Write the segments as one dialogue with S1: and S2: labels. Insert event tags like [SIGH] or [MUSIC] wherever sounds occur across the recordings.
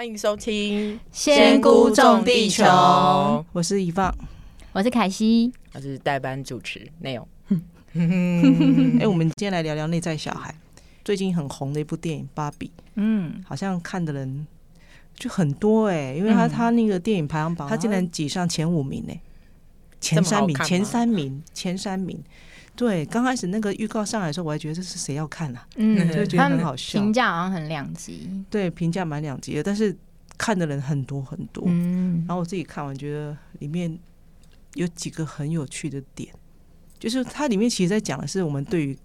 S1: 歡迎收聽《仙菇種地球》，我是一放，我是凱西，
S2: 我是代班主持
S1: Neil
S3: 哎，
S2: 我們今天來聊聊內在小孩。最近很紅的一部電影《芭比》，嗯，好像看的人就很多哎、欸，因為他他那個電影排行榜，他、嗯、竟然擠上前五名呢、欸，
S3: 前三名，前
S2: 三名，前三名。對，剛開始那個預告上來的時候，我還覺得這是誰要看啊？嗯，就覺得很好笑，他們評價
S3: 好像很兩極。
S2: 對，評價蠻兩極的，但是看的人很多很多。嗯，然後我自己看完，覺得裡面有幾個很有趣的點，就是它裡面其實在講的是我們對於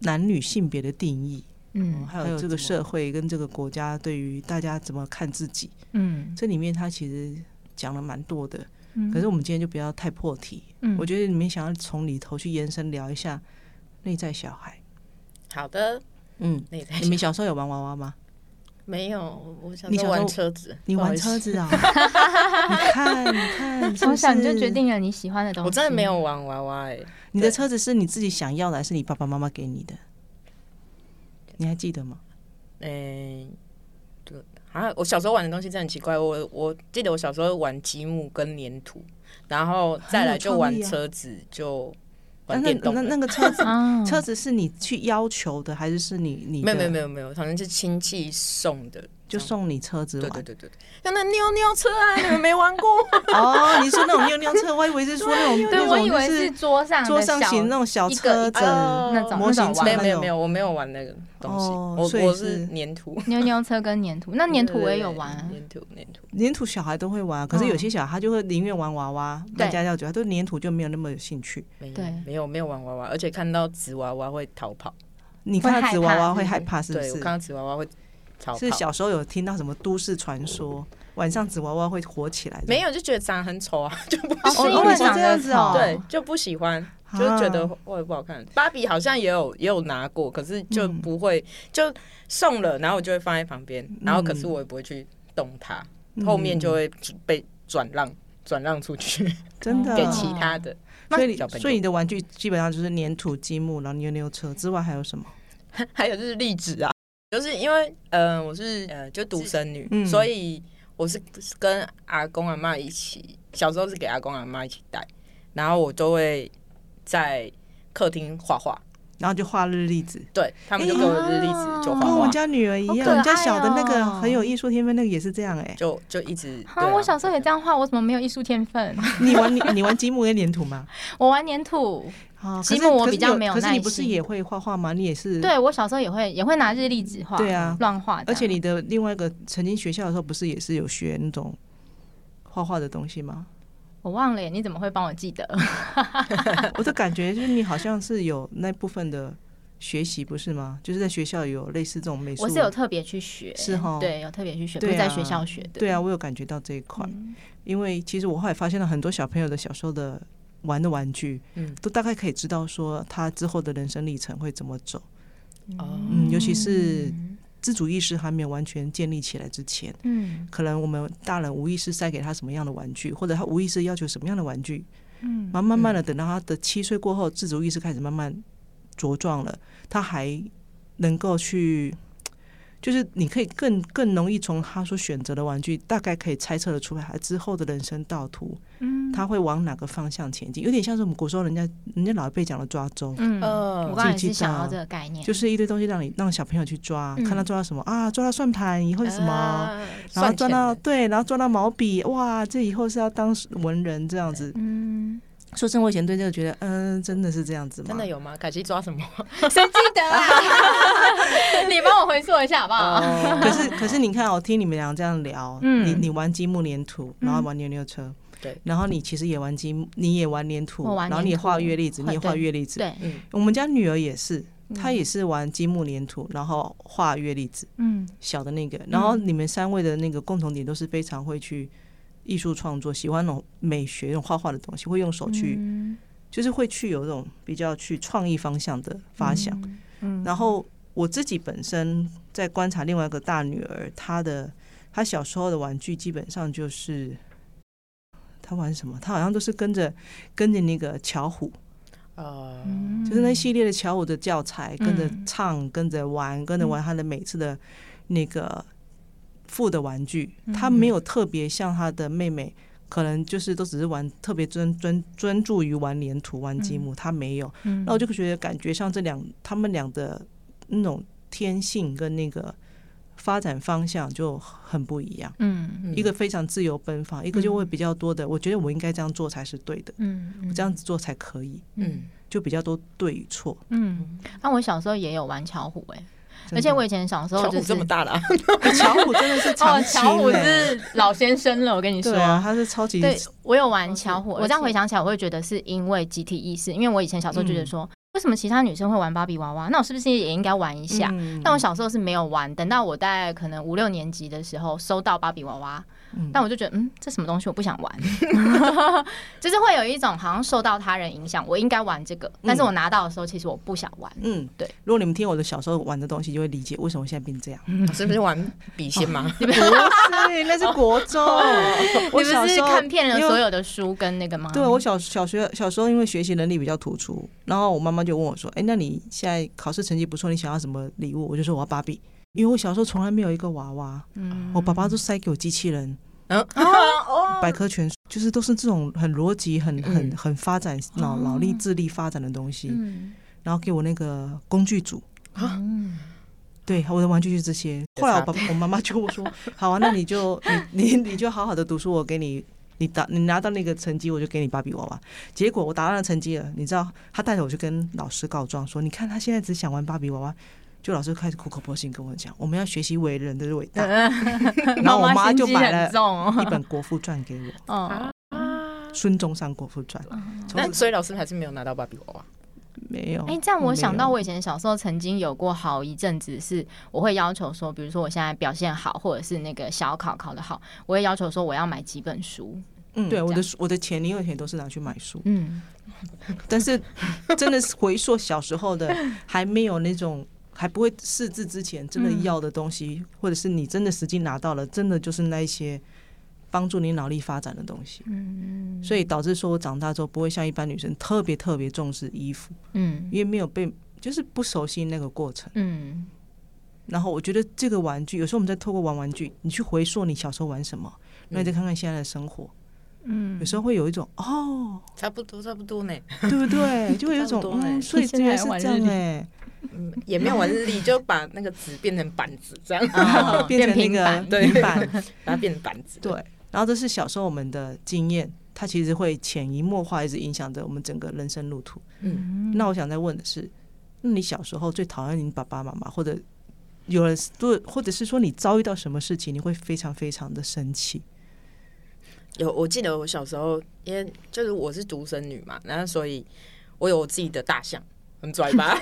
S2: 男女性別的定義，嗯，
S4: 還有這個
S2: 社會跟這個國家對於大家怎麼看自己，
S4: 嗯，這
S2: 裡面它其實講了蠻多的。可是我們今天就不要太破題。嗯，我覺得你們想要從裡頭去延伸聊一下內在小孩。
S1: 好的，
S2: 嗯，你們小時候有玩娃娃嗎？
S1: 沒有，我想你玩車子，你，你
S2: 玩車子啊，哦？ [LAUGHS] 你看你看
S1: 看，從小
S3: 你就決定了你喜歡的東西。我真的沒有
S2: 玩娃娃誒。你的車子是你自己想要的，還是你爸爸媽媽給你的？你還記得嗎？嗯，欸啊！我小
S1: 時候玩的東西真的很奇怪。我我記得我小時候玩積木跟黏土，然後再來就玩車子，就玩電動、啊啊。那那，那，那個車子，
S2: [LAUGHS] 車子是你去要求的，還是是你你、嗯？沒有沒有沒有沒有，好像是親戚送的。就送你車子
S1: 玩，對對對對，像那扭扭車啊、欸，你們沒玩過？ [LAUGHS] 哦，你說那種扭扭車，我以為是說那種，對那種對，我以為是桌上小桌上型那種
S2: 小車子那種，沒有沒有沒有，我沒有玩那個東西，哦、我是所
S3: 以是粘土。扭扭車跟粘土，那粘土我也有玩、啊。
S1: 粘土粘
S2: 土粘土，土土小孩都會玩，可是有些小孩他就會寧願玩娃娃，玩家家酒，他對粘土就沒有那麼有興趣。對，對沒
S1: 有沒有，沒有玩娃娃，而且看到紙娃娃會逃跑，
S2: 你看到紙娃娃會害怕是，不是、嗯？對，我看到紙娃娃會。是，是小時候有聽到什麼都市傳說，晚上紙娃娃會活起來。沒
S1: 有，就覺得長得很醜啊， [LAUGHS] 就不喜歡、哦哦哦、這樣子哦。對，就不喜歡，就覺得會、啊、不好看。芭比好像也有也有拿過，可是就不會、嗯、就送了，然後我就會放在旁邊、嗯，然後可是我也不會去動它、嗯。後面就會被轉讓，轉讓出去，真的、啊、給其
S2: 他的。啊、所以，所以你的玩具基本上就是粘土、積木，然後扭扭車之外還有什麼？
S1: 還有就是例紙啊。就是因為，嗯、呃，我是，呃，就獨生女、嗯，所以我是跟阿公阿嬤一起，小時候是給阿公阿嬤一起帶，然後我就會在客廳畫畫。然後就畫日曆紙，
S2: 對他們就做日曆紙，就、哎、畫，跟我家女兒一樣，我家、哦、小的那個很有藝術天分，那個也是這樣哎、欸，就就一直、啊啊。我
S3: 小時候也這樣畫，我怎麼沒有藝術天分？
S2: 你玩 [LAUGHS] 你玩積木跟粘土嗎？
S3: 我玩粘土，啊可是，積木我比較沒有。可是你不是也
S2: 會畫畫嗎？你也是。對，
S3: 我小時候也會，也會拿日曆紙畫，對啊，亂畫。而
S2: 且你的另外一個曾經學校的時候，不是也是有學那種畫畫的東西嗎？
S3: 我忘了耶，你怎麼會幫我記得？
S2: [LAUGHS] [LAUGHS] 我的感覺就是你好像是有那部分的學習，不是嗎？就是在學校有類似這種美術。我是有
S3: 特別去學，是哈，對，有特別去學，對、啊，不在學校學的。對
S2: 啊，我有感覺到這一塊、嗯，因為其實我後來發現了很多小朋友的小時候的玩的玩具，嗯，都大概可以知道說他之後的人生歷程會怎麼走，嗯嗯、尤其是。自主意識還沒有完全建立起來之前，嗯，可能我們大人無意識塞給他什麼樣的玩具，或者他無意識要求什麼樣的玩具，嗯，慢慢的等到他的七歲過後，自主意識開始慢慢茁壯了，他還能夠去。就是你可以更更容易從他所選擇的玩具，大概可以猜測的出來他之後的人生道途。嗯，他會往哪個方向前進？有點像是我們古時候人家人家老一輩講的抓周，嗯，我剛也是想要這個概念，就是一堆東西讓你讓小朋友去抓，嗯、看他抓到什麼啊，抓到算盤以後是什麼，呃、然後抓到對，然後抓到毛筆，哇，這以後是要當文人這樣子，嗯。說生活前對這個覺得，嗯，真的是這樣子嗎？真的有
S1: 嗎？卡西抓什麼？誰記得、啊？ [LAUGHS] [LAUGHS] 你幫我回溯一下好不好？嗯、
S3: [LAUGHS] 可是可
S2: 是你看我、哦、聽你們倆這樣聊，嗯、你你玩積木粘土，然後玩扭扭車，對、嗯，然後你其實也玩積木，你也玩粘土，土，然後你畫月曆紙，嗯、你也畫月曆紙。對，我們家女兒也是，嗯、她也是玩積木粘土，然後畫月曆紙。
S4: 嗯，
S2: 小的那個，然後你們三位的那個共同點都是非常會去。藝術創作，喜歡那種美學，那種畫畫的東西，會用手去，就是會去有種比較去創意方向的發想。然後我自己本身在觀察另外一個大女兒，她的她小時候的玩具基本上就是她玩什麼，她好像都是跟着跟着那個巧虎，呃，就是那系列的巧虎的教材，跟着唱，跟着玩，跟着玩，玩她的每次的那個。富的玩具，他沒有特別像他的妹妹，嗯，可能就是都只是玩特別專專專注於玩粘土、玩積木，他沒有、嗯。那我就覺得感覺像這兩他們倆的那種天性跟那個發展方向就很不一樣嗯。嗯，一個非常自由奔放，一個就會比較多的。嗯、我覺得我應該這樣做才是對的嗯。嗯，我這樣子做才可以。嗯，就比較多對與錯。
S3: 嗯，那、啊、我小時候也有玩巧虎、欸，哎。而且我以前小時候，就是這麼大
S2: 了、啊，
S3: 巧 [LAUGHS] [LAUGHS] 虎真的是哦，巧虎是老先生了。 [LAUGHS] 我跟你說、啊，他是超級。對，我有玩巧虎、哦。我這樣回想起來，我會覺得是因為集體意識。因為我以前小時候覺得說、嗯，為什麼其他女生會玩芭比娃娃？那我是不是也應該玩一下、嗯？但我小時候是沒有玩。等到我大概可能五六年級的時候，收到芭比娃娃。但我就覺得，嗯，這什麼東西我不想玩， [LAUGHS] 就是會有一種好像受到他人影響，我應該玩這個，但是我拿到的時候其實我不想玩。
S2: 嗯，對。如果你們聽我的小時候玩的東西，就會理解為什麼我現在變成這樣。是不是玩筆仙嗎、哦？
S3: 不是， [LAUGHS] 那是國中、哦。我小時候不是看遍了所有的書跟那個嗎？對，我
S2: 小小學小時候因為學習能力比較突出，然後我媽媽就問我說：“哎、欸，那你現在考試成績不錯，你想要什麼禮物？”我就說：“我要芭比，因為我小時候從來沒有一個娃娃，嗯，我爸爸都塞給我機器人。” Oh, oh. 百科全書就是都是這種很邏輯、很很很發展腦腦力、智力發展的東西。Oh. 然後給我那個工具組啊，oh. 對，我的玩具就是這些。後來我爸爸、我媽媽就我說：“ [LAUGHS] 好啊，那你就你你你，你就好好的讀書，我給你你打你拿到那個成績，我就給你芭比娃娃。”結果我打到那個成績了，你知道？他帶着我去跟老師告狀說：“你看，他現在只想玩芭比娃娃。”就老師開始苦口婆心跟我講，我們要學習偉人的偉大。 [LAUGHS] 然後我媽就買了，一本《國父傳》給我。啊、 [LAUGHS] 嗯，孫中山《國父傳》嗯。那所以
S1: 老師還是沒有拿到芭比娃娃，
S2: 沒有。哎，這樣我想
S3: 到我以前小時候曾經有過好一陣子，是我會要求說，比如說我現在表現好，或者是那個小考考
S2: 得好，我會要求說我要買幾本書。嗯，對，我的書，我的錢，零用錢都是拿去買書。嗯，但是真的是回溯小時候的，還沒有那種。還不會識字之前，真的要的東西，或者是你真的實際拿到了，真的就是那一些幫助你腦力發展的東西。嗯，所以導致說我長大之後不會像一般女生特別特別重視衣服。嗯，因為沒有被，就是不熟悉那個過程。嗯，然後我覺得這個玩具，有時候我們在透過玩玩具，你去回溯你小時候玩什麼，那你再看看現在的生活。嗯，
S1: 有時
S2: 候會有一種哦，
S1: 差不多差不多呢，對不對？你就會有一種嗯，所以原還是這樣呢、欸
S2: 嗯， [LAUGHS] 也沒有玩日曆，就
S1: 把那個紙變成板子這樣子，哦，變成那個平板，
S2: 把它變成板子。 [LAUGHS] 對，然後這是小時候我們的經驗，它其實會潛移默化一直影響着我們整個人生路途。嗯，那我想再問的是，那你小時候最討厭你爸爸媽媽，或者有人，或者是說你遭遇到什麼事情，你會非常非常的生氣？
S1: 有，我記得我小時候，因為就是我是獨生女嘛，然後所以我有我自己的大象。很拽吧，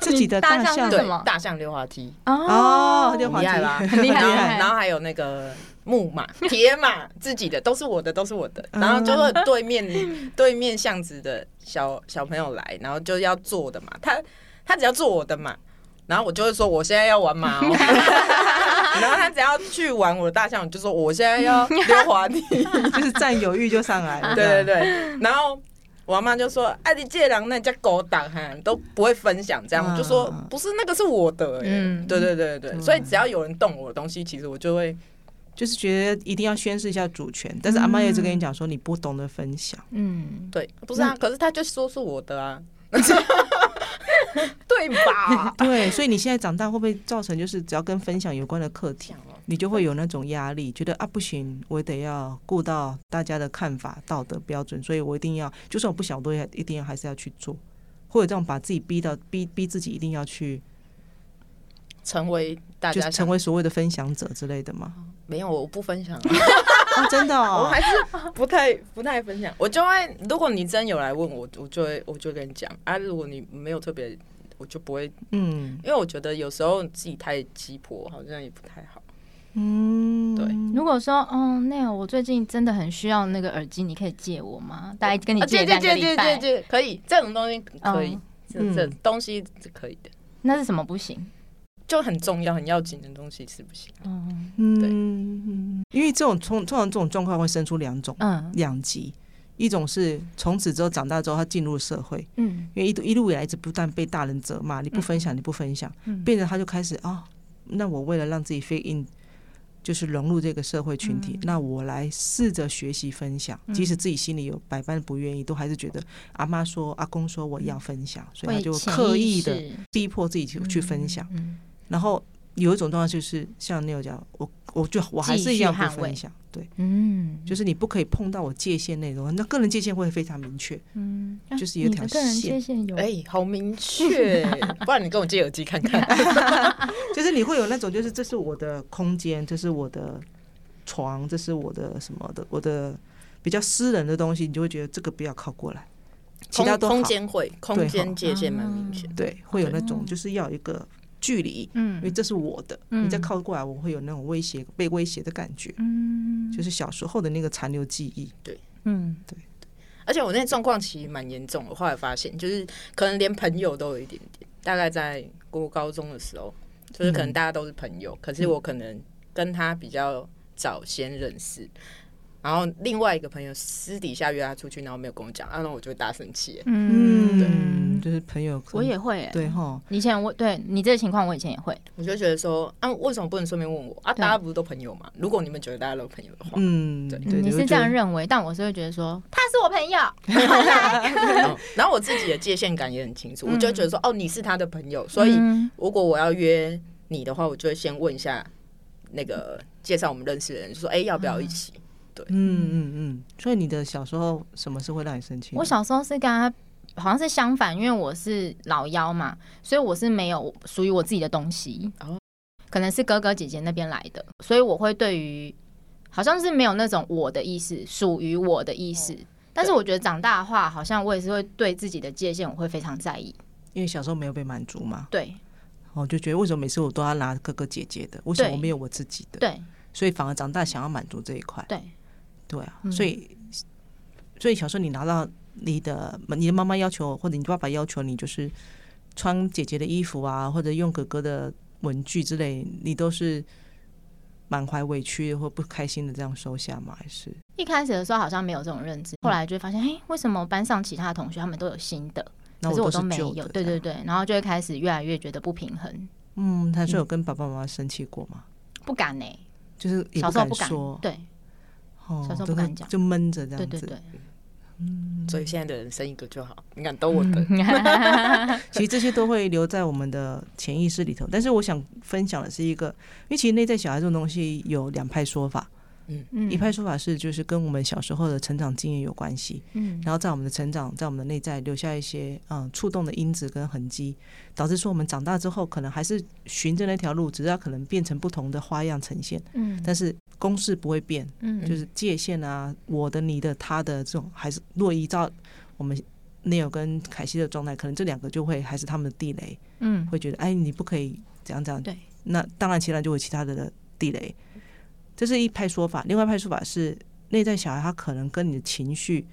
S1: 自己的大象，對，大象溜滑梯哦。溜
S4: 滑梯啦，厲害，厲害 [LAUGHS] 然。然
S1: 後還有那個木馬、鐵馬，自己的都是我的，都是我的。然後就會對面對面巷子的小小朋友來，然後就要坐的嘛。他他只要坐我的嘛，然後我就會說，我現在要玩馬喔。 [LAUGHS] [LAUGHS] 然後他只要去玩我的大象，我就說
S2: 我現在要溜滑梯， [LAUGHS] [LAUGHS] 就是佔有欲就上來。 [LAUGHS] 對對對，
S1: 然後。我阿媽就說：“哎、啊，你借糧，那你叫狗打哈，都不會分享這樣。”就說：“不是，那個
S2: 是我的。嗯”哎，對對對對，對所以只要有人動我的東西，其實我就會，就是覺得一定要宣示一下主權。嗯、但是阿媽一直跟你講說：“你不懂得分享。”嗯，對，不是啊、嗯，
S1: 可是他就說是我的啊。 [LAUGHS] [LAUGHS]
S2: [LAUGHS] 對吧？ [LAUGHS] 對，所以你現在長大會不會造成，就是只要跟分享有關的課題，你就會有那種壓力，覺得啊不行，我得要顧到大家的看法、道德標準，所以我一定要，就算我不想做，我也一定要還是要去做，或者這樣把自己逼到逼逼自己一定要去
S1: 成為大家成為
S2: 所謂的分享者之類的嗎？
S1: 啊、沒有，我不分
S2: 享、啊。 [LAUGHS] 啊
S1: [LAUGHS] oh，真的，哦，我還是不太不太分享。我就會，如果你真有來問我，我就會，我就跟你講啊。如果你沒有特別，我就不會嗯，因為我覺得有時候你自己太急迫，好像也不太好。嗯，
S4: 對。如
S3: 果說，哦、嗯，那樣我最近真的很需要那個耳機，你可以借我嗎？我大概跟你借借借借借借，
S1: 可以，這種東西可以，嗯、這東西是可以的。那是什麼不
S2: 行？就很重要、很要緊的東西是不是？
S4: 嗯，
S2: 對，因為這種通常這種狀況會生出兩種，嗯，兩極。一種是從此之後長大之後，他進入社會，嗯，因為一路一路以來一直不斷被大人責罵，你不分享，嗯、你不分享、嗯，變成他就開始啊、哦，那我為了讓自己 fit in 就是融入這個社會群體，嗯、那我來試着學習分享、嗯，即使自己心裡有百般不願意，都還是覺得阿媽說、阿公說我要分享，所以他就刻意的逼迫自己去去分享，然後有一種狀況就是像那種講，我我就我還是一要不分享，對，
S4: 嗯，
S2: 就是你不可以碰到我界限那種，那個人界限會非常明確，嗯，啊、就是有一條線，個人界限有，哎、欸，好明確， [LAUGHS] 不然你跟我借耳機看看， [LAUGHS] [LAUGHS] 就是你會有那種，就是這是我的空間，這是我的床，這是我的什麼的，我的比較私人的東西，你就會覺得這個不要靠過來，
S1: 其他都好，空、空間會空間界限蠻明顯，對、嗯，會有那種
S2: 就是要一個。距離，因為這是我的。嗯嗯、你再靠過來，我會有那種威脅、被威脅的感覺。嗯，就是小時候的那個殘留記憶。對，嗯，對。
S1: 而且我那狀況其實蠻嚴重的，我後來發現就是可能連朋友都有一點點。大概在國高中的時候，
S4: 就是可能大
S1: 家都是朋友，嗯、可是我可能跟他比較早先認識。嗯嗯然後另外一個朋友私底下約他出去，然後沒有跟我講，啊、然後我就會大生氣。嗯，對，
S2: 就是朋友，我也會對哈。
S1: 以前我對你這個情況，我以前也會，我就覺得說啊，為什麼不能順便問我？啊，大家不是都朋友嘛？如果你們覺得大家都朋友的話，嗯，對對，你是這樣認為，但我是會覺得說他是我朋友。 [LAUGHS] [LAUGHS] 然後我自己的界限感也很清楚，我就覺得說哦，你是他的朋友，所以如果我要約你的話，我就會先問一下那個介紹我們認識的人，說哎，
S2: 要不要一起？嗯對，嗯嗯嗯，所以你的小時候什麼事會讓你生氣？我小時
S3: 候是跟他好像是相反，因為我是老幺嘛，所以我是沒有屬於我自己的東西，哦，可能是哥哥姐姐那邊來的，所以我會對於好像是沒有那種我的意思，屬於我的意思。嗯。但是我覺得長大的話，好像我也是會對自己的界限，我會非常在意，因為小時候沒有被滿足嘛，對，
S2: 我就覺得為什麼每次我都要拿哥哥姐姐的，為什麼我沒有我自己的？對，所以反而長大想要滿足這一塊，對。對啊，所以、嗯、所以小時候你拿到你的你的媽媽要求或者你爸爸要求，你就是穿姐姐的衣服啊，或者用哥哥的文具之類，你都是滿懷委屈或不開心的這樣收下嗎？還是
S3: 一開始的時候好像沒有這種認知，嗯、後來就發現，哎、欸，為什麼班上其他同學他們都有新的，可是我都沒有都，對對對，然後就會開始越來越覺得不平衡。
S2: 嗯，他說有跟爸爸媽媽生氣過嗎？嗯、
S3: 不敢呢、欸，就是
S2: 說小時候不敢說，對。
S4: 哦，小時候不敢講，就悶着這樣子。
S2: 對對對，嗯，所以現在的人生一個就好，你敢逗我的。
S4: [LAUGHS] 其
S2: 實這些都會留在我們的潛意識裡頭，但是我想分享的是一個，因為其實內在小孩這種東西有兩派說法，
S4: 嗯，一派
S2: 說法是就是跟我們小時候的成長經驗有關係，嗯，然後在我們的成長，在我們的內在留下一些嗯觸動的因子跟痕跡，導致說我們長大之後可能還是循着那條路，只是他可能變成不同的花樣呈現，嗯，但是。公式不會變就是界限啊，我的、你的、他的這種，還是若依照我們 Neil 跟凱西的狀態，可能這兩個就會還是他們的地雷，嗯，會覺得哎，你不可以怎樣怎樣，對，那當然其他就會有其他的地雷。這是一派說法，另外一派說法是內在小孩他可能跟你的情緒、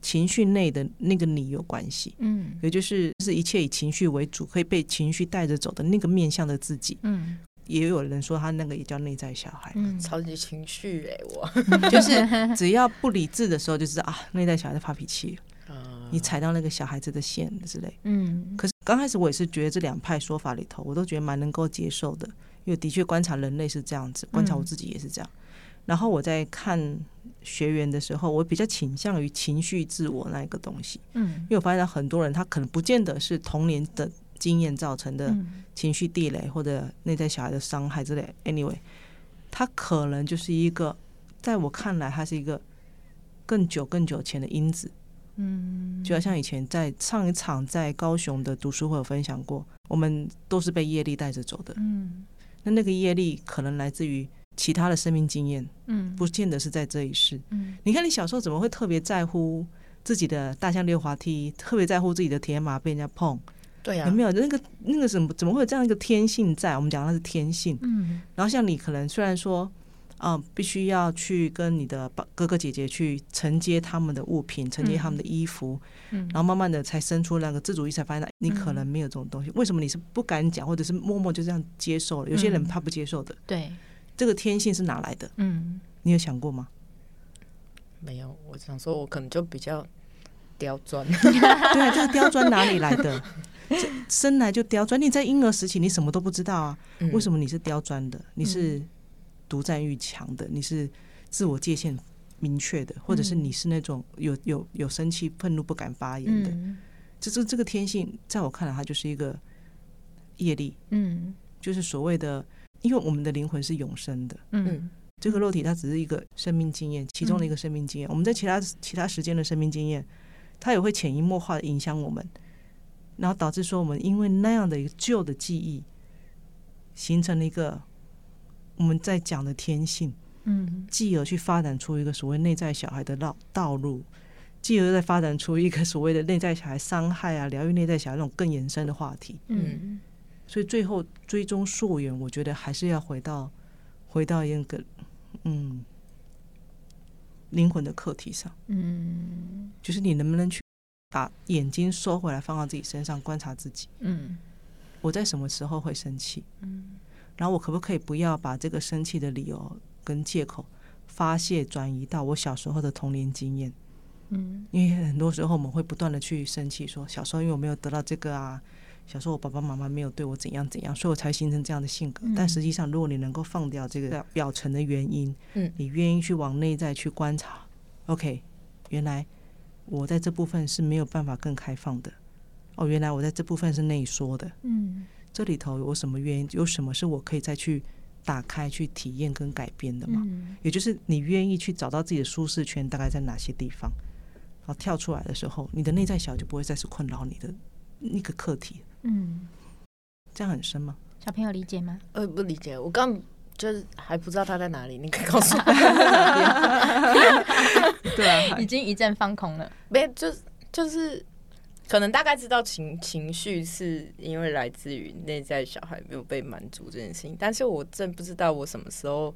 S2: 情緒內的那個你有關係，嗯，也就是是一切以情緒為主，可以被情緒帶着走的那個面向的自己，嗯。也有人說他那個也叫內在小孩，超級情緒哎，我就是只要不理智的時候就知道啊，內在小孩在發脾氣，你踩到那個小孩子的線之類。嗯，可是剛開始我也是覺得這兩派說法裡頭，我都覺得蠻能夠接受的，因為的確觀察人類是這樣子，觀察我自己也是這樣。然後我在看學員的時候，我比較傾向於情緒自我那一個東西，嗯，因為我發現很多人他可能不見得是童年的。經驗造成的情緒地雷，或者內在小孩的傷害之類。Anyway，他可能就是一個，在我看來，他是一個更久、更久前的因子。
S4: 嗯，
S2: 就好像以前在上一場在高雄的讀書會有分享過，我們都是被業力帶着走的。
S4: 嗯，
S2: 那那個業力可能來自於其他的生命經驗。嗯，不見得是在這一世。嗯，你看，你小時候怎麼會特別在乎自己的大象溜滑梯，特別在乎自己的鐵馬被人家碰？對呀、啊，有沒有那個那個怎麼怎麼會有這樣一個天性在？我們講那是天性。嗯，然後像你可能雖然說啊、呃，必須要去跟你的哥哥姐姐去承接他們的物品，承接他們的衣服，嗯、然後慢慢的才生出那個自主意識，才發現你可能沒有這種東西。嗯、為什麼你是不敢講，或者是默默就這樣接受了？有些人怕不接受的，、嗯。對，這個天性是哪來的？嗯，你有想過嗎？
S1: 沒有，我想說，我可能就比較刁鑽。 [LAUGHS] [LAUGHS] 對，這個刁鑽哪裡來的？ [LAUGHS]
S2: 生來就刁鑽，你在嬰兒時期，你什麼都不知道啊？為什麼你是刁鑽的？你是獨占欲強的？你是自我界限明確的？或者是你是那種有有有生氣、憤怒不敢發言的？這這這個天性，在我看來，它就是一個業力。嗯，就是所謂的，因為我們的靈魂是永生的。嗯，這個肉體它只是一個生命經驗，其中的一個生命經驗。我們在其他其他時間的生命經驗，它也會潛移默化的影響我們。然後導致說，我們因為那樣的一個舊的記憶，形成了一個我們在講的天性，嗯，繼而去發展出一個所謂內在小孩的道道路，繼而再發展出一個所謂的內在小孩傷害啊，療癒內在小孩那種更延伸的話題，
S4: 嗯，
S2: 所以最後追蹤溯源，我覺得還是要回到回到一個嗯靈魂的課題上，嗯，就是你能不能去。把眼睛收回來，放到自己身上觀察自己。嗯，我在什麼時候會生氣？
S4: 嗯，
S2: 然後我可不可以不要把這個生氣的理由跟借口發洩轉移到我小時候的童年經驗？嗯，因為很多時候我們會不斷的去生氣，說小時候因為我沒有得到這個啊，小時候我爸爸媽媽沒有對我怎樣怎樣，所以我才形成這樣的性格。但實際上，如果你能夠放掉這個表層的原因，嗯，你願意去往內在去觀察，OK，原來。我在這部分是沒有辦法更開放的。哦，原來我在這部分是內縮的。嗯，這裡頭有什麼原因？有什麼是我可以再去打開、去體驗跟改變的嗎？嗯，也就是你願意去找到自己的舒適圈，大概在哪些地方？然後跳出來的時候，你的內在小就不會再是困擾你的那個課題。嗯，這樣很深嗎？
S1: 小朋友理解嗎？呃，不理解。我剛。就是還不知道他在哪裡，你可以告訴他。 [LAUGHS] [LAUGHS] 對、啊， [LAUGHS] 已經一陣放空了。沒，就是就是，可能大概知道情情緒是因為來自於內在小孩沒有被滿足這件事情，但是我真不知道我什麼時候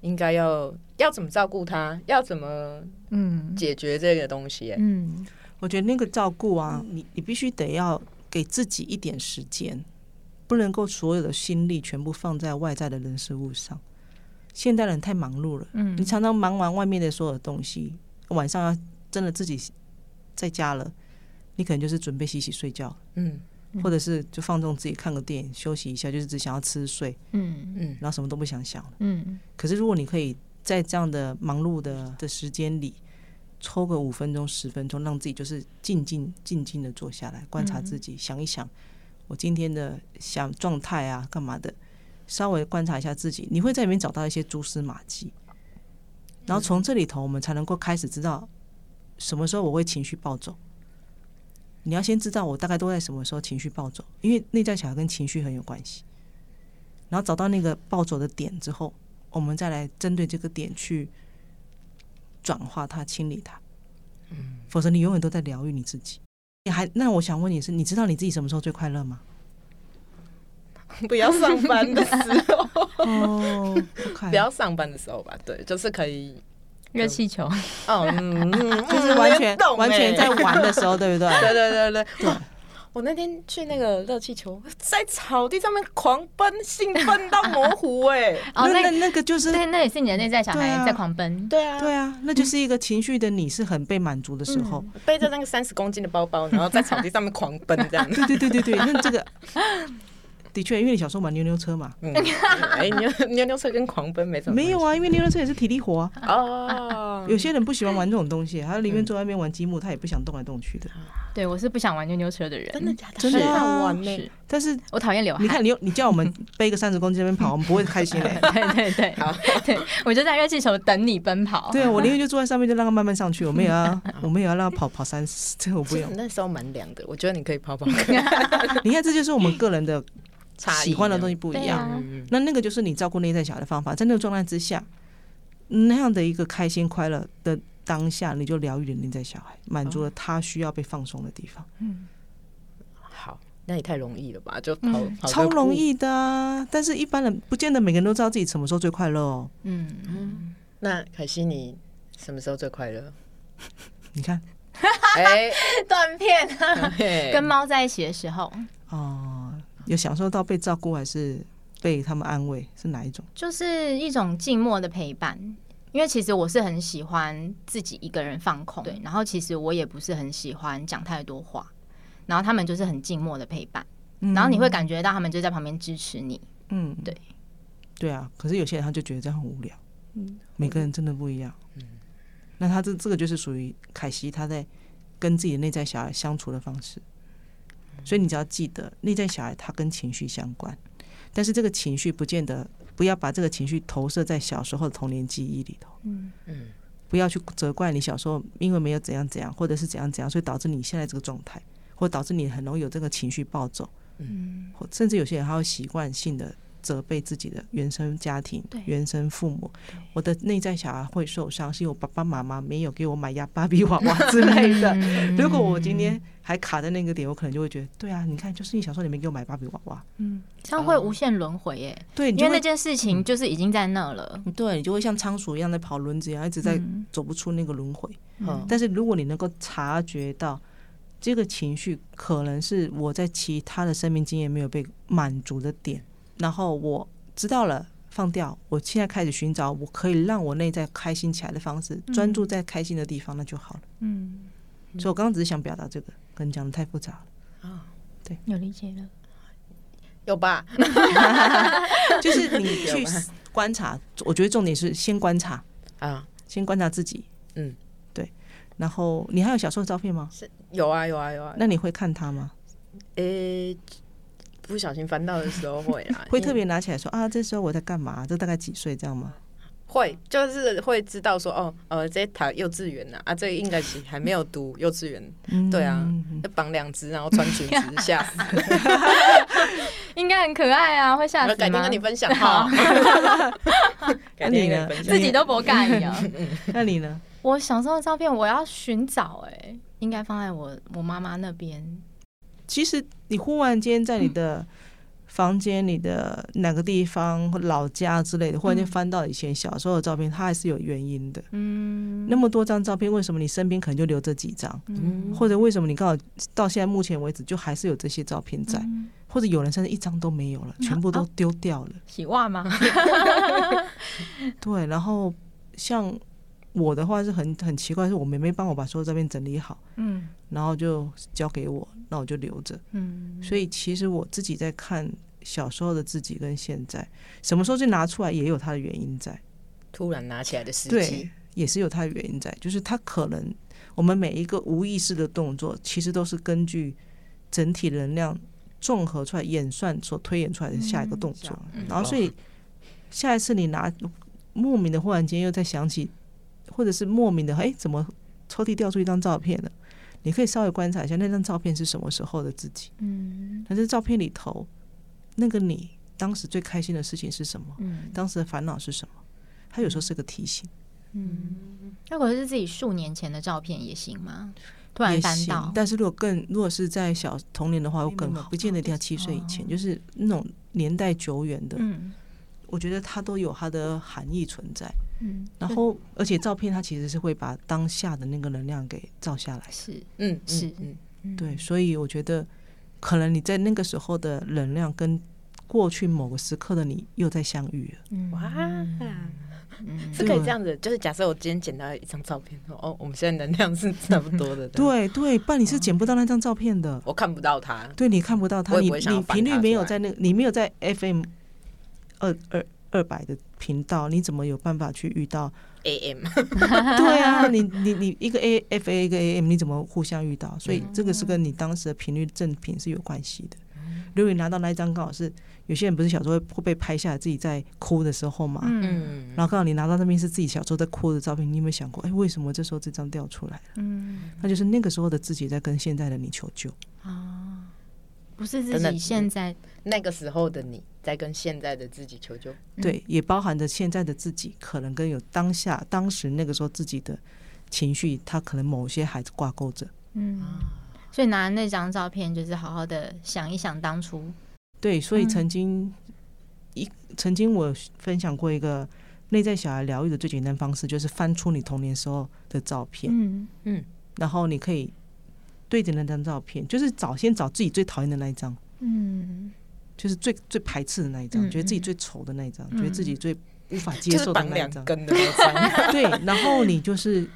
S1: 應該要
S2: 要怎麼照顧他，要怎麼嗯解決這個東西、欸嗯。嗯，我覺得那個照顧啊，你、嗯、你必須得要給自己一點時間。不能夠所有的心力全部放在外在的人事物上。現代人太忙碌了，嗯，你常常忙完外面的所有東西，晚上要真的自己在家了，你可能就是準備洗洗睡覺，嗯，或者是就放縱自己看個電影休息一下，就是只想要吃睡，嗯嗯，然後什麼都不想想了，嗯。可是如果你可以在這樣的忙碌的的時間裡抽個五分鐘、十分鐘，讓自己就是靜靜靜靜的坐下來，觀察自己，想一想。我今天的想狀態啊，幹嘛的？稍微觀察一下自己，你會在裡面找到一些蛛絲馬跡。然後從這裡頭，我們才能夠開始知道什麼時候我會情緒暴走。你要先知道我大概都在什麼時候情緒暴走，因為內在小孩跟情緒很有關係。然後找到那個暴走的點之後，我們再來針對這個點去轉化它，清理它。嗯，否則你永遠都在療癒你自己。你還那？我想問你是，你知道你自己什麼時候最快樂嗎？
S1: 不要上班的時候哦，不快。不要上班的時候吧？對，就是可以熱氣球。嗯、oh, mm,，mm, mm, [LAUGHS] 就是完全 [LAUGHS] 完全在玩的時候， [LAUGHS] 對不對？對對對對。 [LAUGHS] 對我那天去那個熱氣球，在草地上
S2: 面狂奔，興奮到模糊哎、欸 [LAUGHS] 哦！那
S1: 那個就是，那那也是你的內在
S3: 小
S2: 孩在狂奔。對啊，對啊，對啊，那就是一個情緒的你，是很被滿足的時候。嗯、
S1: 背着那個三十公斤的包包，然後在草地上面狂奔這樣。 [LAUGHS] 對
S2: 對對對對，那這個。 [LAUGHS] 的確，因為你小時候玩扭扭車嘛，嗯，哎、欸，
S1: 扭扭車跟狂奔沒
S2: 什麼。沒有啊，因為扭扭車也是體力活啊。哦，哦，哦
S1: 哦
S3: 哦、有
S2: 些人不喜歡玩這種東西，他寧願坐在那邊玩積木、嗯，他也不想動來動去的。
S3: 對，我是不想玩扭扭車的人。真的假的？真的完、啊、美、欸。但是，我討厭流汗。你看，你
S2: 你叫我們背個三十公斤那邊跑，我們不會開心嘞、欸。 [LAUGHS] [LAUGHS]
S3: 對對對，好對，我就在熱氣球
S1: 等你奔跑。
S3: [LAUGHS] 對我寧
S2: 願就坐在上面，就讓它慢慢上去。我沒有要、啊，我們也要讓它跑跑三十，這個我不用。那時候蠻涼的，我覺得你可以跑跑 [LAUGHS] [LAUGHS] 你看，這就是我們個人的。喜歡的東西不一樣，啊、那那個就是你照顧內在小孩的方法。在那個狀態之下，那樣的一個開心快樂的當下，你就療癒了內在小孩，滿足了他需要被放鬆的地方。嗯，好，
S1: 那也太容易了吧？就超、嗯、超容易
S2: 的。但是，一般人不見得每個人都知道自己什麼時候最快樂哦。嗯，嗯，
S1: 那凱西，你什麼時候最快樂？ [LAUGHS] 你看，哎、欸，
S3: 斷片、片，跟貓在一起的時候
S2: 哦。嗯有享受到被照顧還是被他們安慰，是哪一種？
S3: 就是一種靜默的陪伴，因為其實我是很喜歡自己一個人放空，對，然後其實我也不是很喜歡講太多話，然後他們就是很靜默的陪伴，然後你會感覺到他們就在旁邊支持你，嗯，
S2: 對，嗯，對啊，可是有些人他就覺得這樣很無聊，嗯，每個人真的不一樣，嗯，那他這這個就是屬於凱西他在跟自己內在小孩相處的方式。所以你只要記得，內在小孩他跟情緒相關，但是這個情緒不見得不要把這個情緒投射在小時候的童年記憶裡頭。不要去責怪你小時候因為沒有怎樣怎樣，或者是怎樣怎樣，所以導致你現在這個狀態，或導致你很容易有這個情緒暴
S4: 走。
S2: 甚至有些人還有習慣性的。責備自己的原生家庭、原生父母，我的內在小孩會受傷，是因為我爸爸媽媽沒有給我買壓芭比娃娃之類的、 [LAUGHS] 嗯。如果我今天還卡在那個點，我可能就會覺得，對啊，你看，就是你小時候你沒給我買芭比娃娃。
S4: 嗯，
S2: 這
S3: 樣會無限輪迴耶。嗯、對你，因為那件事
S2: 情就是已經在那了。嗯、對，你就會像倉鼠一樣在跑輪子一樣，一直在走不出那個輪迴、嗯嗯。但是如果你能夠察覺到，這個情緒可能是我在其他的生命經驗沒有被滿足的點。然後我知道了，放掉。我現在開始尋找我可以讓我內在開心起來的方式，嗯、專注在開心的地方，那就好
S4: 了
S2: 嗯。嗯，所以我剛剛只是想表達這個，可能講得太複雜了。啊、哦，對，有理解了，
S1: 有吧？
S4: [LAUGHS] 就是你去
S2: 觀察，我覺得重點是先觀察啊，先觀察自己。嗯，對。然後你還有小時候的照片嗎？是
S1: 有，啊？有啊，有啊，有啊。那
S2: 你會看它嗎？
S1: 誒、欸。不小心翻到的時候
S2: 會、啊、 [LAUGHS] 會特別拿起來說啊，這時候我在幹嘛？這大概幾歲這樣嗎？
S1: 會，就是會知道說哦，呃，這讀幼稚園吶啊，啊，這應該是還沒有讀幼稚園、
S2: 嗯，
S4: 對啊，
S1: 綁兩隻然後穿裙子下， [LAUGHS] [LAUGHS] [LAUGHS] 應該很可
S3: 愛啊，會嚇死嗎？我改天跟你分享哈， [LAUGHS] 哈哈哈哈
S2: 哈。那你呢？自己都不敢呀、哦 [LAUGHS] 嗯。嗯，那你
S3: 呢？我小時候照片我要尋找哎、欸，應該放在我我媽媽那邊。
S2: 其實你忽然間在你的房間、你的哪個地方、老家之類的，忽然間翻到以前小時候的照片，它還是有原因的。嗯，那麼多張照片，為什麼你身邊可能就留這幾張？或者為什麼你剛好到現在目前為止就還是有這些照片在？或者有人甚至一張都沒有了，全部都丟掉了、嗯啊？洗襪嗎？ [LAUGHS] 對，然後像。我的話是很很奇怪，是我妹妹幫我把所有照片整理好，嗯，然後就交給我，那我就留着，嗯，所以其實我自己在看小時候的自己跟現在什麼時候就拿出來，也有它的原因在，
S1: 突然拿起來的
S2: 時機，對，也是有它的原因在，就是它可能我們每一個無意識的動作，其實都是根據整體能量綜合出來演算所推演出來的下一個動作，嗯，然後所以下一次你拿，莫名的忽然間又再想起。或者是莫名的哎，怎麼抽屜掉出一張照片呢？你可以稍微觀察一下那張照片是什麼時候的自己。嗯，那這照片裡頭，那個你當時最開心的事情是什麼？嗯，當時的煩惱是什麼？它有時候是個提醒。嗯，
S3: 那可能是自己數年前的照片也行嗎？突然翻到。也行。
S2: 但是如果更如果是在小童年的話，會、哎、更不見得一定要七歲以前，嗯，就是那種年代久遠的。嗯，我覺得它都有它的含義存在。嗯，然後而且照片它其實是會把當下的那個能量給照下來，是，嗯，是，嗯，對，所以我覺得可能你在那個時候的能量跟過去某個時刻的你又在相遇了，
S1: 哇，是可以這樣子，就是假設我今天撿到一張照片，哦，我們現在能量是差不
S2: 多的， [LAUGHS] 對對，但你是撿不到那張照片的，我
S1: 看不到它，對
S2: 你看不到它，你你頻率沒有在那個，你沒有在 FM 二、呃、二，呃二百的頻道，你怎麼有辦法去遇到 AM？ [LAUGHS] 對啊，你你你一個 AF，A，一個 AM，你怎麼互相遇到？所以這個是跟你當時的頻率振頻是有關係的。如果你拿到那一張，剛好是有些人不是小時候會被拍下來自己在哭的時候嘛，嗯，然後剛好你拿到那邊是自己小時候在哭的照片，你有沒有想過，哎，為什麼這時候這張掉出來
S4: 了？嗯，
S2: 那就是那個時候的自己在跟現在的你求救。不是
S1: 自己現在那個時候的你。在跟現在的自己求救，
S2: 對，也包含着現在的自己，可能跟有當下、當時那個時候自己的情緒，他可能某些孩子掛鈎着。嗯，
S3: 所以拿那張照片，就是好好的想一想當初。
S2: 對，所以曾經、嗯、一曾經我分享過一個內在小孩療癒的最簡單方式，就是翻出你童年時候的照片。嗯嗯，然後你可以對着那張照片，就是找先找自己最討厭的那一張。嗯。就是最最排斥的那一張，嗯嗯，覺得自己最醜的那一張，嗯，覺得自己最無法接受的那一張。就是、 [LAUGHS] 對，然後你就是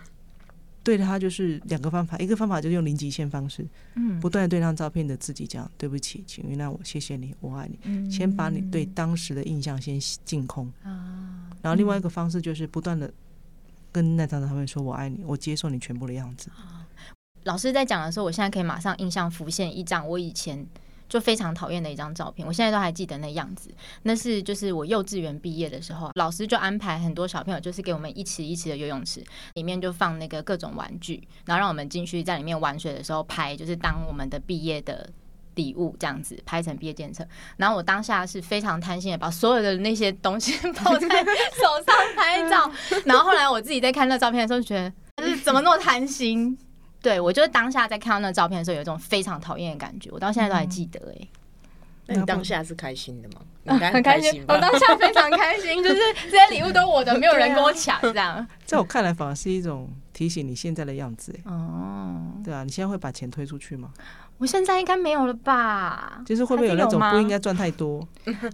S2: 對他，就是兩個方法， [LAUGHS] 一個方法就是用零極限方式，嗯，不斷的對那張照片的自己講：“對不起，請原諒我，謝謝你，我愛你。嗯”先把你對當時的印象先淨空、啊嗯、然後另外一個方式就是不斷的跟那張照片說：“我愛你，我接受你全部的樣子。啊”
S3: 老師在講的時候，我現在可以馬上印象浮現一張我以前，就非常討厭的一張照片，我現在都還記得那樣子。那是就是我幼稚園畢業的時候，老師就安排很多小朋友，就是給我們一池一池的游泳池，裡面就放那個各種玩具，然後讓我們進去在裡面玩水的時候拍，就是當我們的畢業的禮物這樣子拍成畢業見證。然後我當下是非常貪心的，把所有的那些東西抱在手上拍照。然後後來我自己在看那照片的時候，就覺得他是怎麼那麼貪心。 [LAUGHS] 對，我就是當下在看到那個照片的時候，有一種非常討厭的感覺，我到現在都還記得哎、欸。那你當下是開心的嗎？啊、很開心吧？啊、很開心， [LAUGHS] 我當下非常開心， [LAUGHS] 就是這些禮物都是我的， [LAUGHS] 沒有人跟我搶這
S2: 樣。在我看來，反而是一種提醒你現在的樣子、欸、哦，對啊，你現在會把錢推出去嗎？
S3: 我現在應該沒有了吧？就是會不會有那種不應該
S2: 賺太多？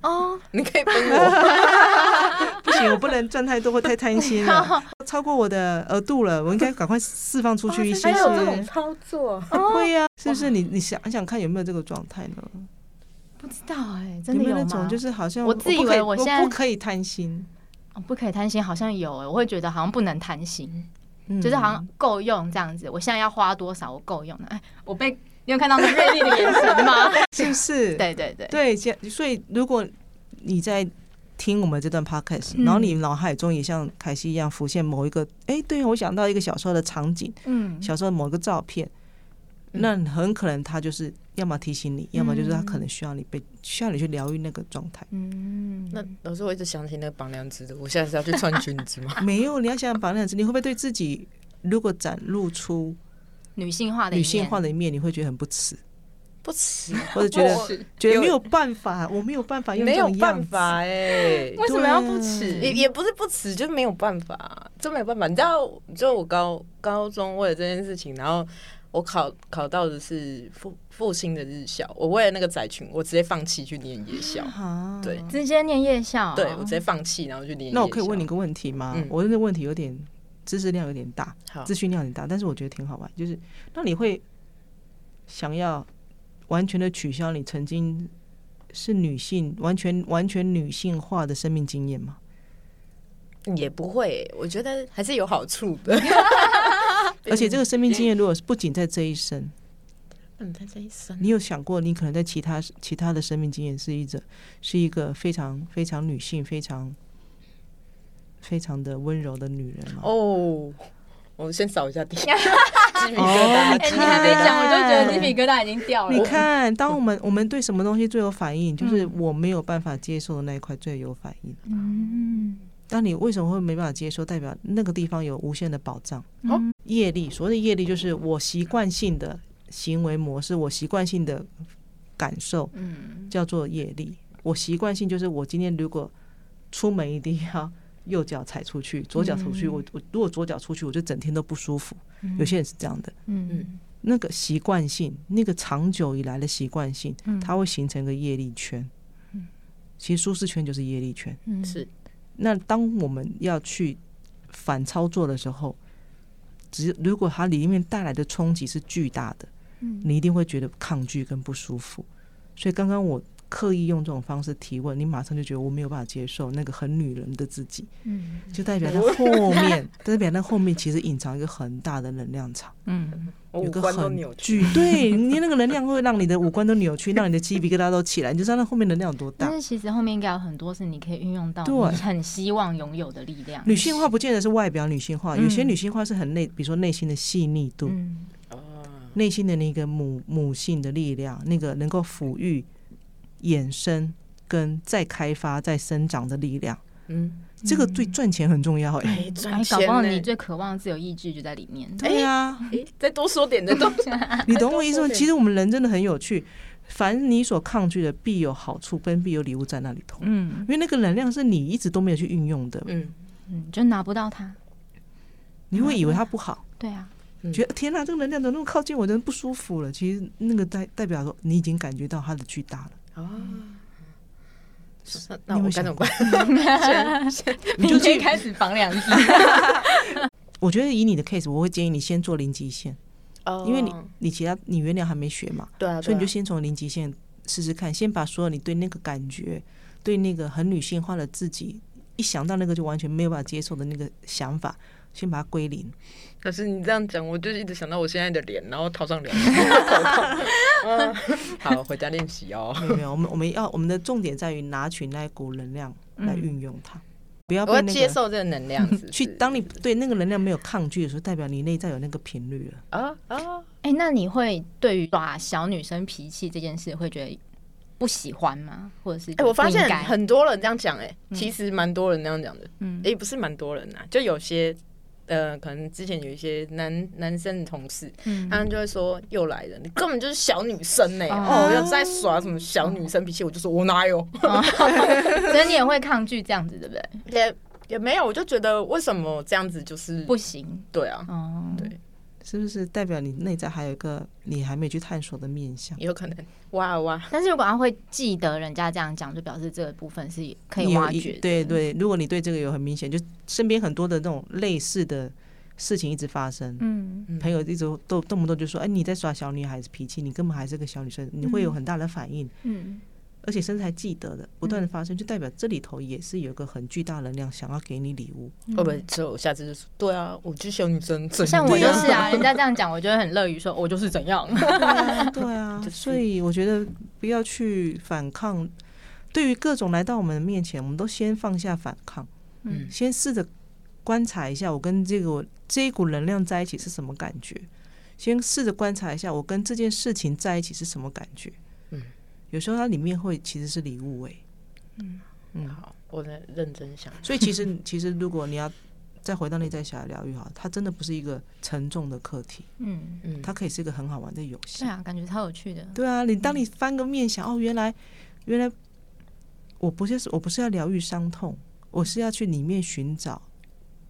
S1: 哦， [LAUGHS]
S3: 你可以幫我。 [LAUGHS]
S2: [LAUGHS] 不行，我不能賺太多，會太貪心了， [LAUGHS] 超過我的額度了，我應該趕快釋放出去一些。啊、是是還有
S1: 這種操作、啊哦？會啊，
S2: 是不是？你你想想看，有沒有這個狀態呢？
S1: 不知道哎、欸，
S3: 真的有，有，有那種。就是好像我，我自以為我，現在我不可
S2: 以貪心，我不可以貪心，好像有哎、欸，我會覺得好像
S3: 不能貪心。嗯就是好像夠用這樣子，我現在要花多少，我夠用的。哎，我被你有看到那銳利的眼神嗎？ [LAUGHS] [LAUGHS] 是不是？對對對對，所以如果
S2: 你在聽我們這段 Podcast，然後你腦海中也像凱西一樣浮現某一個，哎、嗯欸，對我想到一個小時候的場景，嗯，小時候的某一個照片。那很可能他就是要麼提醒你，嗯、要麼就是他可能需要你被需要你去療癒那個狀態。嗯，那老師我一直想起那個綁涼子，我現在是要去穿裙子嗎？ [LAUGHS] 沒有，你要想綁涼子，你會不會對自己如果展露出女性化的女性化的一面，你會覺得很不齒？
S1: 不齒、
S3: 啊，或者覺得覺得沒
S2: 有辦法，我沒有辦法用沒有辦法哎、欸，為什麼要不齒、
S1: 啊？也也不是不齒，就是沒有辦法，真沒有辦法。你知道，就我高高中為了這件事情，然後。我考考到的是復復興的日校，我為了那個仔群，我直接放棄去念夜校，對，直接念夜校，對我直接放棄，然後去念夜校。那我可以
S2: 問你一個問題嗎？嗯、我那問題有點知識量有點大，資訊量很大，但是我覺得挺好玩。就是，那你會想要完全的取消你曾經是女性，完全完全女性化的生命經驗嗎？
S1: 也不會、欸，我覺得還是有好處的。 [LAUGHS]
S2: 而且這個生命經驗，如果是不僅在這一生，嗯，在這一生，你有想過，你可能在其他其他的生命經驗是一者，是一個非常非常女性、非常非常的溫柔的女人嗎？
S1: 哦，我先掃一下地，雞 [LAUGHS] 皮疙瘩。哦、你
S4: 看、
S2: 欸、你還沒講，我就覺得雞皮疙瘩
S3: 已經掉了。你看，
S2: 當我們我們對什麼東西最有反應，就是我沒有辦法接受的那一塊最有反應。嗯。嗯但你為什麼會沒辦法接受？代表那個地方有無限的寶藏。嗯。嗯嗯，業力，所謂的業力就是我習慣性的行為模式，我習慣性的感受，叫做業力。我習慣性就是我今天如果出門一定要右腳踩出去，左腳出去，我如果左腳出去，我就整天都不舒服。有些人是這樣的，嗯嗯，那個習慣性，那個長久以來的習慣性，它會形成一個業力圈。嗯，其實舒適圈就是業力圈。嗯，嗯，是。那當我們要去反操作的時候，只如果它裡面帶來的衝擊是巨大的，你一定會覺得抗拒跟不舒服。所以剛剛我。刻意用這種方式提問，你馬上就覺得我沒有辦法接受那個很女人的自己。嗯，就代表在後面， [LAUGHS] 代表在後面其實隱藏一個很大的能量場。嗯，有個很扭曲。 [LAUGHS] 對，你那個能量會讓你的五官都扭曲， [LAUGHS] 讓你的雞皮疙瘩都起來，你就知道那後面能量有多大。但是其
S3: 實後面應該有很多是你可以運用到，對，很希望擁有的力量。女
S2: 性化不見得是外表女性化，嗯、有些女性化是很內，比如說內心的細膩度，嗯、內心的那個母母性的力量，那個能夠撫育。衍生跟再開發、再生長的力量，嗯，嗯，這個對賺錢很重要、欸。哎，賺錢欸、搞
S3: 不好你最渴望的自由意志就在裡面。欸、對啊，哎、欸，再多說點的東西。 [LAUGHS] 你懂我意
S2: 思嗎？其實我們人真的很有趣，凡你所抗拒的，必有好處，跟必有禮物在那裡
S4: 頭。嗯，
S2: 因為那個能量是你一直都沒有去運用的。嗯嗯，就拿不到它，你會以為它不好。對啊，對啊，嗯，覺得天哪、啊，這個能量怎麼那麼靠近我，真的不舒服了。其實那個代代表說，你已經感覺到它的巨大了。啊、哦，那我們先
S4: 弄關， [LAUGHS] 你就你開始防兩次 [LAUGHS] 。
S2: [LAUGHS] 我覺得以你的 case，我會建議你先做零極限，因為你你其他你原諒還沒學嘛，對，所以你就先從零極限試試看，先把所有你對那個感覺、對那個很女性化的自己，一想到那個就完全沒有辦法接受的那個想法。先把它歸零。
S1: 可是你這樣講，我就是一直想到我現在的臉，然後套上臉 [LAUGHS] [LAUGHS] [LAUGHS] 、
S2: 啊。好，回家練習哦。沒有，我們我們要我們的重點在於拿取那一股能量來運用它，嗯、不要、那個、要接受
S1: 這個能量是不
S2: 是 [LAUGHS] 去。當你對那個能量沒有抗拒的時候，代表你內在有那個頻率了
S1: 啊啊！哎、啊欸，那你會對於耍小女生脾氣這件事會覺得不喜歡嗎？或者是
S2: 哎、欸，我發現
S4: 很
S1: 多人這樣講、欸，哎、嗯，其實蠻多人這樣講的。嗯，哎、欸，不是蠻多人啊，就有些。呃，可能之前有一些男男生的同事、嗯，他們就會說又來了，嗯、你根本就是小女生呢、欸，哦，又、哦、在耍什麼小女生脾氣，我就說我哪有，
S3: 哦、 [LAUGHS] 所以你也
S1: 會抗拒這樣子，對不對？也也沒有，我就覺得為什麼這樣子就是不行，
S2: 對啊，哦、對。是不是代表你內在還有一個你還沒去探索的面向？有可能
S3: 哇哇。但是如果他會記得人家這樣講，就表示這個部分是可以挖掘的。對對,對，如
S2: 果你對這個有很明顯，就身邊很多的那種類似的事情一直發生，嗯，朋友一直都動不動就說：“哎，你在耍小女孩子脾氣，你根本還是個小女生。”你會有很大的反應，嗯,嗯。而且身材記得的，不斷的發生，就代表這裡頭也是有一個很巨大能量想要給你禮物，不、嗯、者我下次就是對啊，我就想你真的像我就是啊，人
S3: 家、啊、 [LAUGHS] 這樣講，我覺得很樂於說，我就是怎樣 [LAUGHS] 對、啊，
S2: 對啊，所以我覺得不要去反抗，對於各種來到我們的面前，我們都先放下反抗，嗯，先試着觀察一下我跟這個這一股能量在一起是什麼感覺，先試着觀察一下我跟這件事情在一起是什麼感覺。有時候它裡面會其實是禮物味、欸，
S1: 嗯
S2: 嗯，好，
S1: 我在認真想，所以其
S2: 實其實如果你要再回到內在小孩療癒哈，它真的不是一個沉重的課題，嗯嗯，它可以是一個很好玩的遊戲，
S3: 對啊，感覺超有趣的，
S2: 對啊，你當你翻個面想，哦，原來原來我不是我不是要療癒傷痛，我是要去裡面尋找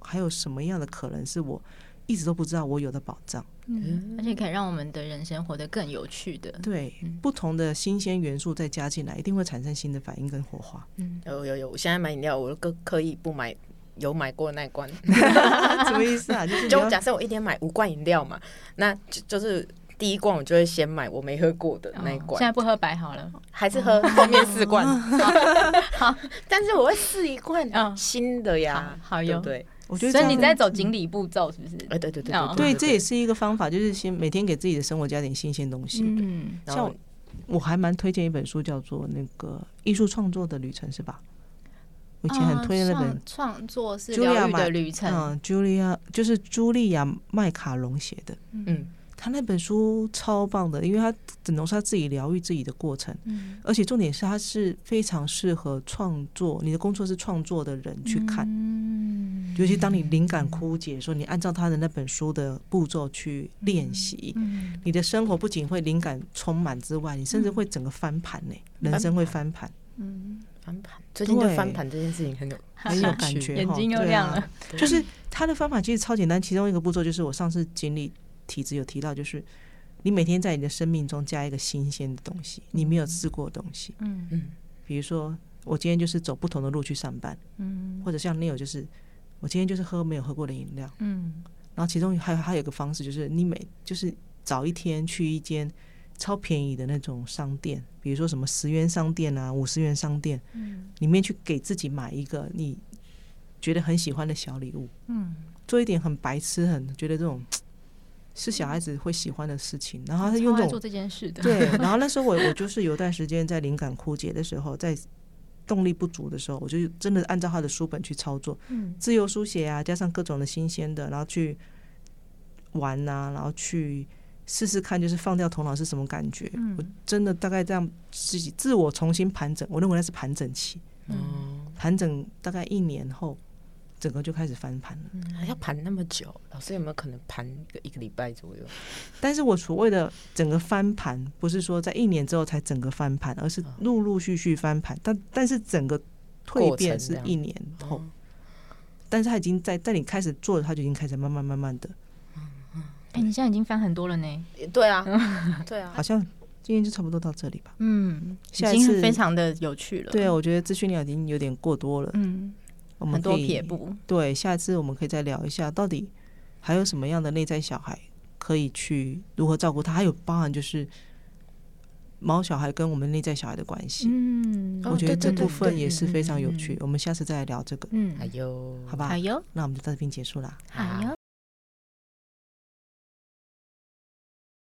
S2: 還有什麼樣的可能是我。一直都不知道我有的保障
S3: 嗯而且可以讓我們的人生活得
S1: 更有趣的。的
S2: 對、嗯，不同的新鮮元素再加進來，一定會產生新的反應跟火花。
S1: 有有有，我現在買飲料，我都刻意不買有買過那一罐， [LAUGHS] 什麼意思啊？就,是、就假設我一天買五罐飲料嘛，那就就是第一罐我就會先買我沒喝過的那一罐。哦、現在不喝白好了，還是喝後面四罐、哦 [LAUGHS] 好。好，但是我會試一罐新的呀，哦、
S2: 好用對,對。我覺得，所以你在走錦鯉
S3: 步驟，是不是？哎、嗯，對對對對，對，對，這也
S2: 是一個方法，就是先每天給自己的生活加點新鮮東西。嗯，像我還蠻推薦一本書，叫做《那個藝術創作的旅程》，是吧？我以前很推薦那本創、啊、作是療癒的旅程 Julia，嗯。嗯，茱莉亞就是茱莉亞麥卡龍寫的。嗯，他那本書超棒的，因為他只能是他自己療癒自己的過程。嗯、而且重點是，他是非常適合創作，你的工作是創作的人去看。嗯。尤其當你靈感枯竭，說你按照他的那本書的步驟去練習，嗯，你的生活不僅會靈感充滿之外，嗯，你甚至會整個翻盤呢，人生會翻盤。嗯，
S4: 翻
S2: 盤，最近的翻盤這件事情很有很有感覺，眼睛又亮了。啊、就是他的方法其實超簡單，其中一個步驟就是我上次經歷體質有提到，就是你每天在你的生命中加一個新鮮的東西，你沒有吃過的東西。嗯嗯，比如說我今天就是走不同的路去上班，嗯，或者像你有就是。我今天就是喝沒有喝過的飲料。嗯，然後其中還有還有一個方式，就是你每就是早一天去一間超便宜的那種商店，比如說什麼十元商店啊、五十元商店，嗯，裡面去給自己買一個你覺得很喜歡的小禮物，嗯，做一點很白痴、很覺得這種是小孩子會喜歡的事情。嗯，然後他用這種做這件事，對。 [LAUGHS] 然後那時候我我就是有段時間在靈感枯竭的時候，在。動力不足的時候，我就真的按照他的書本去操作，自由書寫啊，加上各種的新鮮的，然後去玩吶、啊，然後去試試看，就是放掉頭腦是什麼感覺。我真的大概這樣自己自我重新盤整，我認為那是盤整期。盤整大概一年後。整個就開始翻盤了，還要盤那麼久？
S1: 老師有沒有可能盤個一個禮拜左右？
S2: 但是我所謂的整個翻盤，不是說在一年之後才整個翻盤，而是陸陸續續翻盤。但但是整個蛻變是一年後，但是他已經在在你開始做，他就已經開始慢慢慢慢的。
S3: 哎，你現在已經翻很多了呢。對啊，對
S2: 啊，好像今天就差不多到這裡吧。嗯，現在已經非常的有趣了。對啊，我覺得資訊量已經有點過多了。嗯。我們可以很多撇步，對，下次我們可以再聊一下，到底還有什麼樣的內在小孩可以去如何照顧他？還有包含就是毛小孩跟我們內在小孩的關係，嗯，我覺得這部分也是非常有趣，嗯嗯、我們下次再來聊這個。嗯，好喲，好吧，好、哎、喲，那我們就到這邊結束了，好、哎、喲。